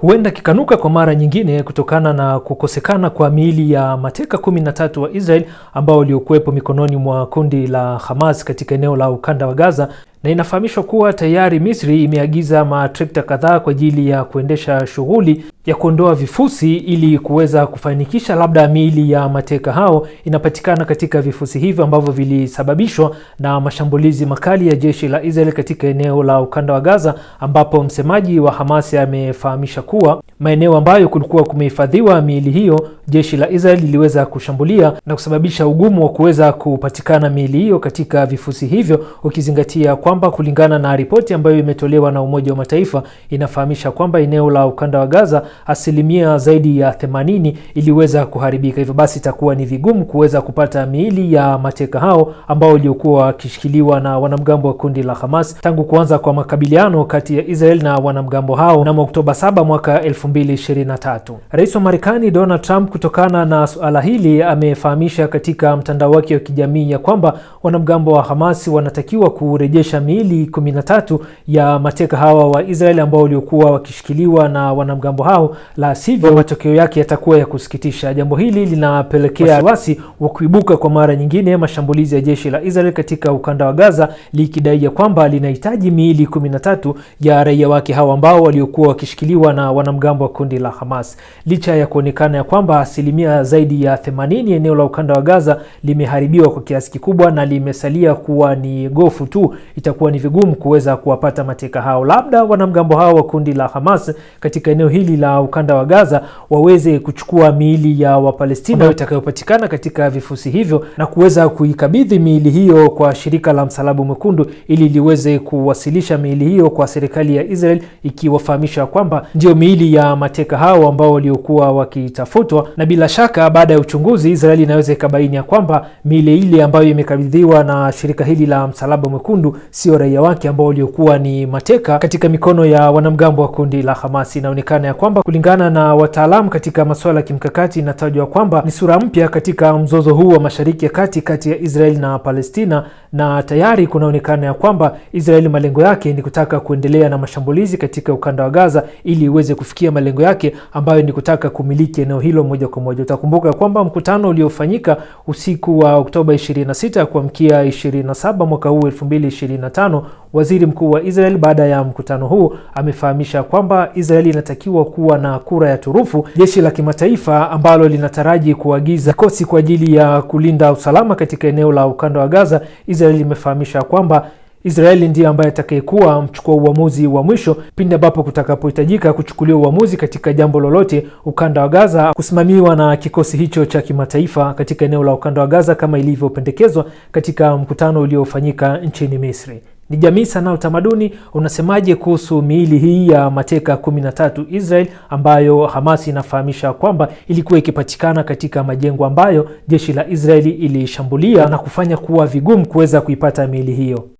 huenda kikanuka kwa mara nyingine kutokana na kukosekana kwa miili ya mateka 13 wa Israel ambao waliokuwepo mikononi mwa kundi la Hamas katika eneo la ukanda wa Gaza na inafahamishwa kuwa tayari Misri imeagiza matrekta kadhaa kwa ajili ya kuendesha shughuli ya kuondoa vifusi ili kuweza kufanikisha labda miili ya mateka hao inapatikana katika vifusi hivyo ambavyo vilisababishwa na mashambulizi makali ya jeshi la Israel katika eneo la ukanda wa Gaza, ambapo msemaji wa Hamas amefahamisha kuwa maeneo ambayo kulikuwa kumehifadhiwa miili hiyo, jeshi la Israel liliweza kushambulia na kusababisha ugumu wa kuweza kupatikana miili hiyo katika vifusi hivyo, ukizingatia kwamba kulingana na ripoti ambayo imetolewa na Umoja wa Mataifa inafahamisha kwamba eneo la ukanda wa Gaza asilimia zaidi ya 80 iliweza kuharibika, hivyo basi itakuwa ni vigumu kuweza kupata miili ya mateka hao ambao waliokuwa wakishikiliwa na wanamgambo wa kundi la Hamas tangu kuanza kwa makabiliano kati ya Israel na wanamgambo hao mnamo Oktoba 7 mwaka 2023. Rais wa Marekani Donald Trump, kutokana na suala hili, amefahamisha katika mtandao wake wa kijamii ya kwamba wanamgambo wa Hamas wanatakiwa kurejesha miili 13 ya mateka hawa wa Israel ambao waliokuwa wakishikiliwa na wanamgambo hao lao, la sivyo matokeo yake yatakuwa ya kusikitisha. Jambo hili linapelekea wasiwasi wa kuibuka kwa mara nyingine mashambulizi ya jeshi la Israel katika ukanda wa Gaza, likidai ya kwamba linahitaji miili 13 ya raia wake hao ambao waliokuwa wakishikiliwa na wanamgambo wa kundi la Hamas, licha ya kuonekana ya kwamba asilimia zaidi ya 80 eneo la ukanda wa Gaza limeharibiwa kwa kiasi kikubwa na limesalia kuwa ni gofu tu, itakuwa ni vigumu kuweza kuwapata mateka hao. Labda wanamgambo hao wa kundi la Hamas katika eneo hili la ukanda wa Gaza waweze kuchukua miili ya Wapalestina itakayopatikana katika vifusi hivyo na kuweza kuikabidhi miili hiyo kwa shirika la Msalaba Mwekundu ili liweze kuwasilisha miili hiyo kwa serikali ya Israel ikiwafahamisha kwamba ndiyo miili ya mateka hao ambao waliokuwa wakitafutwa. Na bila shaka, baada ya uchunguzi, Israeli inaweza ikabaini ya kwamba miili ile ambayo imekabidhiwa na shirika hili la Msalaba Mwekundu sio raia wake ambao waliokuwa ni mateka katika mikono ya wanamgambo wa kundi la Hamas. Inaonekana ya kwamba kwamba kulingana na wataalamu katika masuala ya kimkakati, inatajwa kwamba ni sura mpya katika mzozo huu wa Mashariki ya Kati kati ya Israel na Palestina, na tayari kunaonekana ya kwamba Israel malengo yake ni kutaka kuendelea na mashambulizi katika ukanda wa Gaza ili iweze kufikia malengo yake ambayo ni kutaka kumiliki eneo hilo moja kwa moja. Utakumbuka kwamba mkutano uliofanyika usiku wa Oktoba 26 kuamkia 27 mwaka huu 2025 Waziri mkuu wa Israel baada ya mkutano huu amefahamisha kwamba Israel inatakiwa kuwa na kura ya turufu jeshi la kimataifa ambalo linataraji kuagiza kikosi kwa ajili ya kulinda usalama katika eneo la ukanda wa Gaza. Israel imefahamisha kwamba Israeli ndiye ambaye atakayekuwa mchukua uamuzi wa mwisho pindi ambapo kutakapohitajika kuchukuliwa uamuzi katika jambo lolote ukanda wa Gaza, kusimamiwa na kikosi hicho cha kimataifa katika eneo la ukanda wa Gaza kama ilivyopendekezwa katika mkutano uliofanyika nchini Misri. Ni jamii sana utamaduni, unasemaje kuhusu miili hii ya mateka 13 Israel ambayo Hamas inafahamisha kwamba ilikuwa ikipatikana katika majengo ambayo jeshi la Israeli ilishambulia na kufanya kuwa vigumu kuweza kuipata miili hiyo.